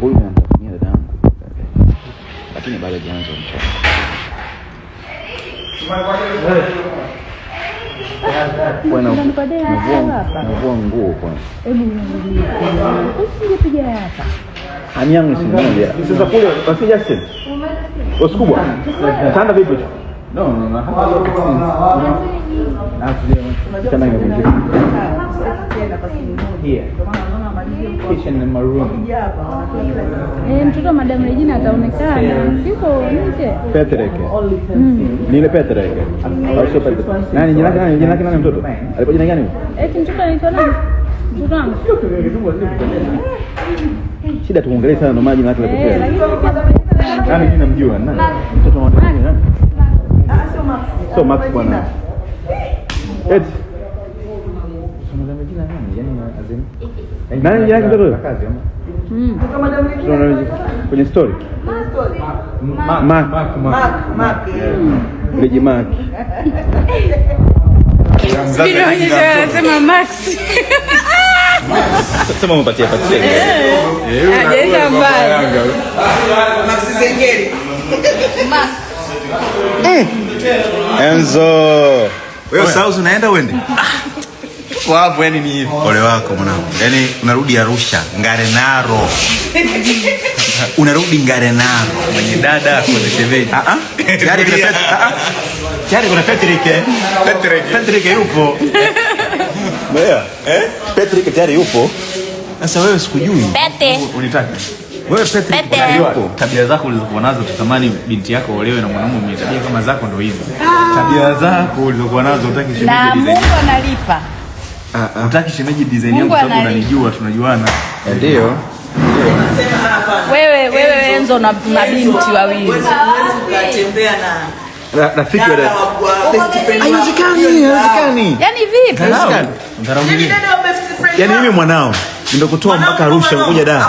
huyu anamtafunia dadangu, lakini bado hajaanza mchangonavua nguo kwanza, sasa kule wasija usiku bwana, tanda vipi? No, no, Mtoto Madam Regina ataonekana siko nje. Petreke. Ni ile Petreke. Nani jina lake nani? Jina lake nani mtoto? Alipo jina gani? Eti mtoto anaitwa nani? Mtoto wangu. Shida tuongelee sana ndio maana jina lake. Nani jina mjua? Nani? Mtoto wa Madam sio Max bwana. kwenye story leji Mark Enzo. Wewe wende? yani ni hivi. Ole wako mwanangu. Yaani unarudi Arusha, Ngare Naro. Unarudi Ngare Naro. Mwenye dada kwa Ah ah. Tayari kuna Ah ah. Tayari kuna eh? yupo. Mbaya. Eh? tayari yupo. Sasa wewe sikujui. Pete. Unitaka. Wewe Tabia zako ulizokuwa nazo tutamani binti yako olewe na mwanamume mwenye tabia kama zako ndio hizo. Ah. Tabia zako ulizokuwa nazo utaki shemeji design. Na Mungu analipa. Ah ah. shemeji design yangu sababu unanijua tunajuana. Eh, ndio. Wewe wewe Enzo na mabinti wawili. na rafiki Haiwezekani, haiwezekani. Yaani vipi? Yaani Yaani mimi mwanao nimekutoa mpaka Arusha kuja da.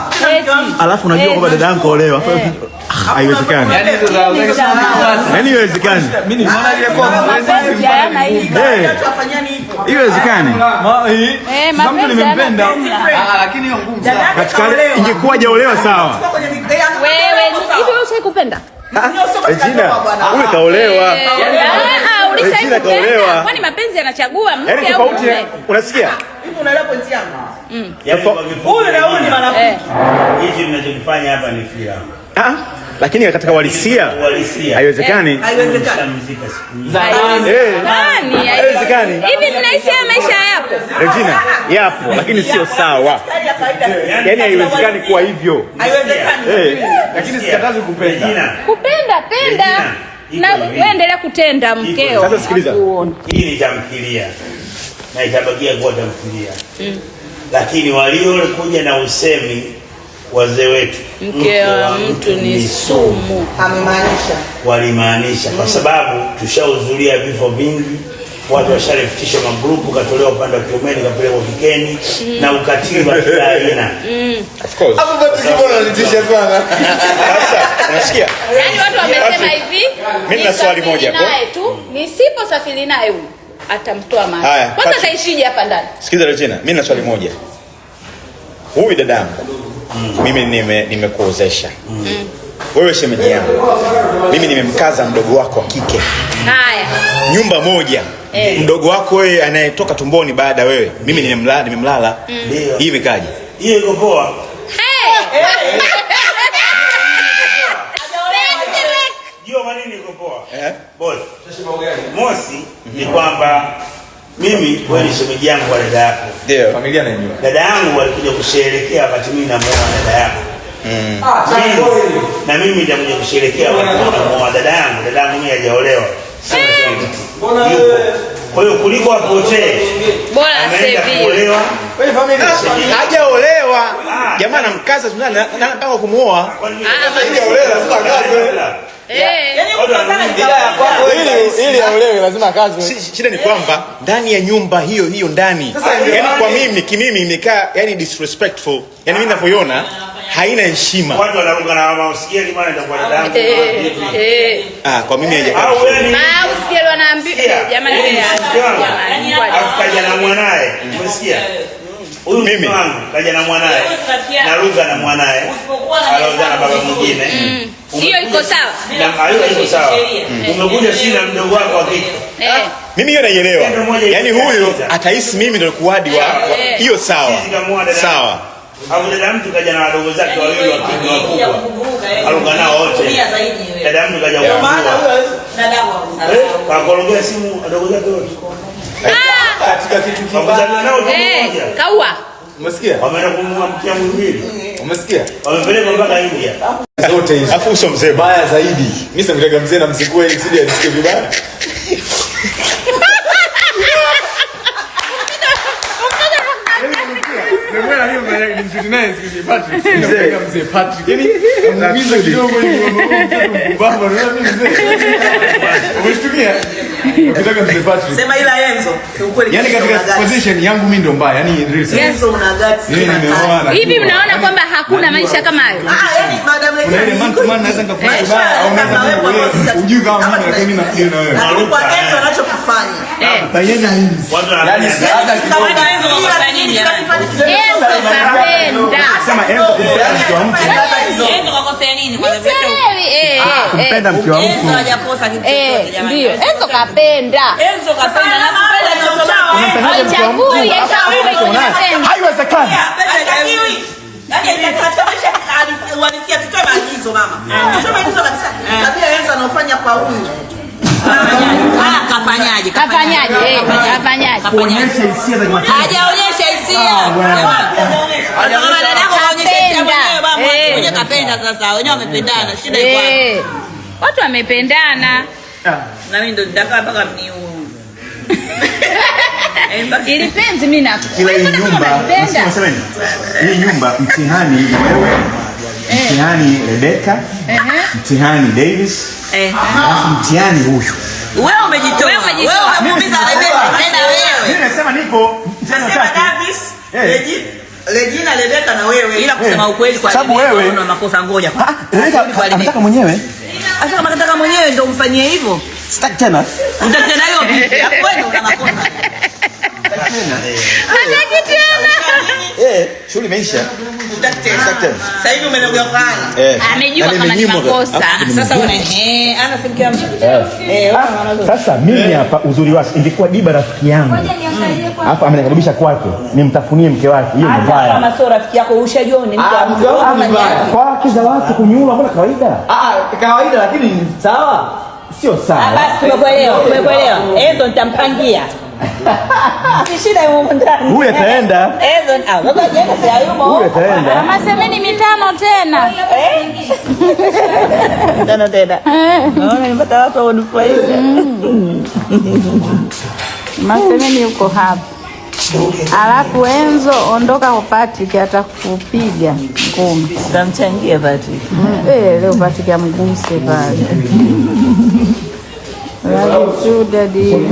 Alafu unajua kwamba dada yangu olewa. Eh. Ah, haiwezekani. Yaani, yaani, yaani haiwezekani. Mimi naona ile kwa eh. yaani haiwezekani. Eh, haiwezekani. Mimi nimempenda. Ah, lakini hiyo ngumu sana. Katika ingekuwa jaolewa sawa. Wewe hivi wewe usikupenda? Huyu kaolewa. Yaani kaolewa. Kwani mapenzi yanachagua mke au mume? Unasikia? Hivi unaelewa pointi yangu? Mm. Huyu ni marafiki. Eh. hapa ni Ah, lakini katika uhalisia eh, eh. haiwezekani. Haiwezekani. Hivi mnaishi maisha yapo. Regina, yapo lakini sio sawa. Yaani, yaani haiwezekani kuwa hivyo. Haiwezekani. Lakini sikatazi kupenda. Kupenda penda. Na wewe endelea kutenda mkeo. Sasa sikiliza. Hii ni tamthilia na itabakia kuwa tamthilia mm. Lakini waliokuja na usemi wazee wetu, mke wa mtu ni sumu, amemaanisha walimaanisha mm. Kwa sababu tushahudhuria vifo vingi, watu washalifikisha magrupu, katolewa upande wa Kiomeni, kapelekwa Kikeni mm. na ukatili wa kila aina mm. Of course hapo bado kibono nitisha sana sasa. Unasikia, yaani watu wamesema hivi, mimi na swali moja hapo, nisiposafiri naye huyu atamtoa mahali. Haya, kwanza ataishije hapa ndani? Sikiza Regina, mimi na swali moja. Huyu dadangu mm. mimi nime nimekuozesha mm. wewe shemeji yangu, mimi nimemkaza mdogo wako wa kike. Haya, nyumba moja hey. Eh. mdogo wako wewe anayetoka tumboni baada wewe, mimi nimemlala, nimemlala. Mm. hii imekaje? Hiyo iko poa. Mosi ni kwamba mimi wewe ni shemeji yangu wa dada yako. Ndio. Familia inajua. Dada yangu alikuja kusherehekea wakati mimi namuoa dada yako. Mm. Ah, ah, na mimi ndio nitakuja kusherehekea wakati namuoa dada yangu. Dada yangu mimi hajaolewa. Mbona wewe? Kwa hiyo kuliko apotee. Bora aseviwe. Wewe familia ah, hajaolewa. Jamaa anamkaza tunapanga kumuoa. Hajaolewa sasa kaze. Eh. Yaani ili aolewe lazima kazi. Shida ni kwamba ndani ya nyumba hiyo hiyo ndani, yani kwa mimi kimimi imekaa yani disrespectful, yani mimi ninavyoiona haina heshima. Watu wanaruka na mama maana eh, eh. ndio kwa Eh. Ah, kwa mimi haja. Yaani- ah, jamani Akaja yaani na mwanae. Umesikia? Huyu mimi kaja na mwanae. na mwanae. baba mwingine. Mm. Hiyo iko sawa. Mm. Umekuja mdogo wako eh. ah, Mimi hiyo naielewa. Yaani huyo atahisi mimi ndio kuwadi wa eh. hiyo sawa. Sawa. Au dada mtu kaja na wadogo zake yaani wawili wakubwa. Eh. nao wote. Dada mtu kaja kwa maana huyo dada simu wadogo zake wote. Ah! Umesikia? Wameenda kumua mkia mwingine. Umesikia? Wamepeleka mpaka India zote hizo. Afu usho mzee. Baya zaidi. Mimi sikujaga mzee na msikue ili sije asike vibaya. hivi mama yaani yangu mimi ndo yaani mnaona kwamba hakuna maisha kama hayo? Ah, eh, eh, kama anachokifanya. Kumpenda mke wa mtu Ndio, Enzo kapenda. Enzo kapenda na kupenda mke wa mtu? anafanya hisia za Jumatatu. Hajaonyesha hisia. Kama dada yako haonyesha hisia mwenyewe kapenda sasa, wenyewe wamependana, eh. shida iko wapi? Eh. Watu wamependana. Na mimi ndo nitakaa eh, mpaka mniue. Ili penzi mimi na kila nyumba. Hii nyumba mtihani ni wewe. Mtihani Rebecca. Mtihani Davis. Mtihani huyu. Wewe umejitoa. Wewe umejitoa, Rebeka tena wewe. Mimi nasema niko nasema Davis, eh. Regina, Rebeka na wewe. Ila kusema eh. ukweli kwa sababu wewe una makosa ngoja. kwa anataka mwenyewe. Sasa kama anataka mwenyewe ndio umfanyie hivyo. Sitaki tena. Unataka tena hiyo vipi? Hapo una makosa. Eh, shughuli imeisha. Sasa mimi eh. hapa uzuri wake ingekuwa Diba rafiki yangu. Alafu amenikaribisha kwake, nimtafunie mke wake. Hiyo mbaya. Ah, kwa haki za watu kunyula mbona kawaida? Ah, ah, kawaida lakini sawa. Sio sawa. Basi umekuelewa, umekuelewa. Hizo nitampangia. Ah, Huyu ataenda. Mama mitano tena. Eh? Mitano tena. Eh. Naona nimepata watu mm. Mama yuko hapa. Alafu Enzo ondoka kwa Patrick atakupiga ngumi. Tamchangia Patrick. Mm. Eh, leo Patrick amguse pale. Lalu sudah di sini.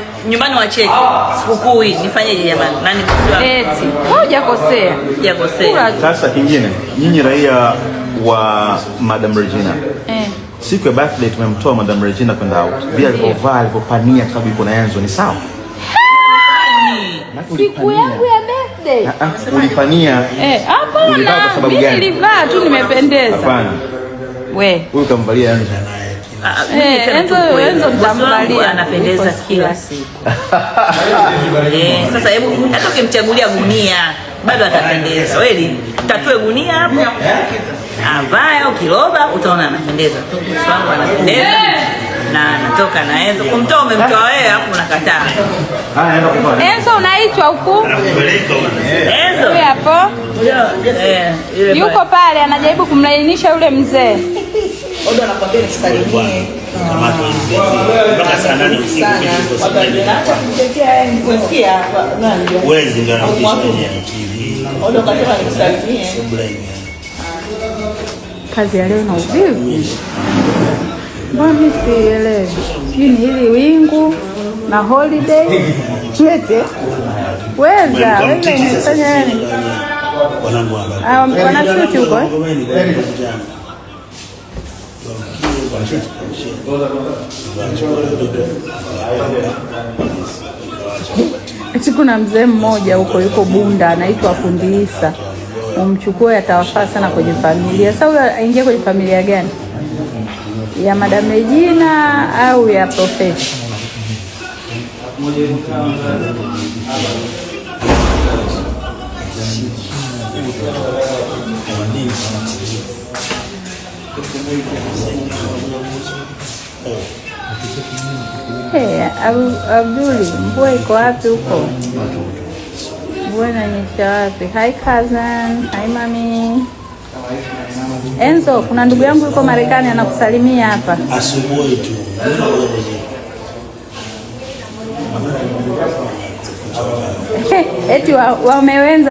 nyumbani wacheke sikukuu hii nifanyeje jamani? Nani eti hujakosea, hujakosea. Sasa kingine, nyinyi raia wa Madam Regina eh. Siku ya birthday tumemtoa Madam Regina kwenda out, vile alivyovaa alivyopania, sababu iko na Enzo ni sawa. Siku yangu ya birthday ah, ah, ulipania? Eh, hapana, mimi nilivaa tu nimependeza. Hapana, we huyu kamvalia Enzo Ah, eh, anapendeza kila siku. Eh, sasa hebu hata ukimchagulia gunia bado atapendeza kweli. Tatue gunia hapo, eh? avaa ukiroba, utaona anapendeza. Wangu anapendeza na anatoka na Enzo. Kumtoa umemtoa wewe, alafu unakataa. Ah, Enzo unaitwa huku, Enzo yuko pale, anajaribu kumlainisha yule mzee Odo anakwambia nikusalimie ah. Kazi ya leo na uvivu, mbona sielewi? Hii ni hili wingu na holiday ete weza weza inafanya nini? Ah, huko eh? siku na mzee mmoja huko yuko Bunda anaitwa Fundi Isa, umchukue atawafaa sana kwenye familia. Sasa huyo aingie kwenye familia gani, ya Madam Regina au ya Profesa? Hey, eh, Abduli, mvua iko wapi huko? Mvua inanyesha wapi? Hi cousin, hi mami. Enzo, kuna ndugu yangu yuko Marekani anakusalimia hapa. Asubuhi tu. Eti wamewenza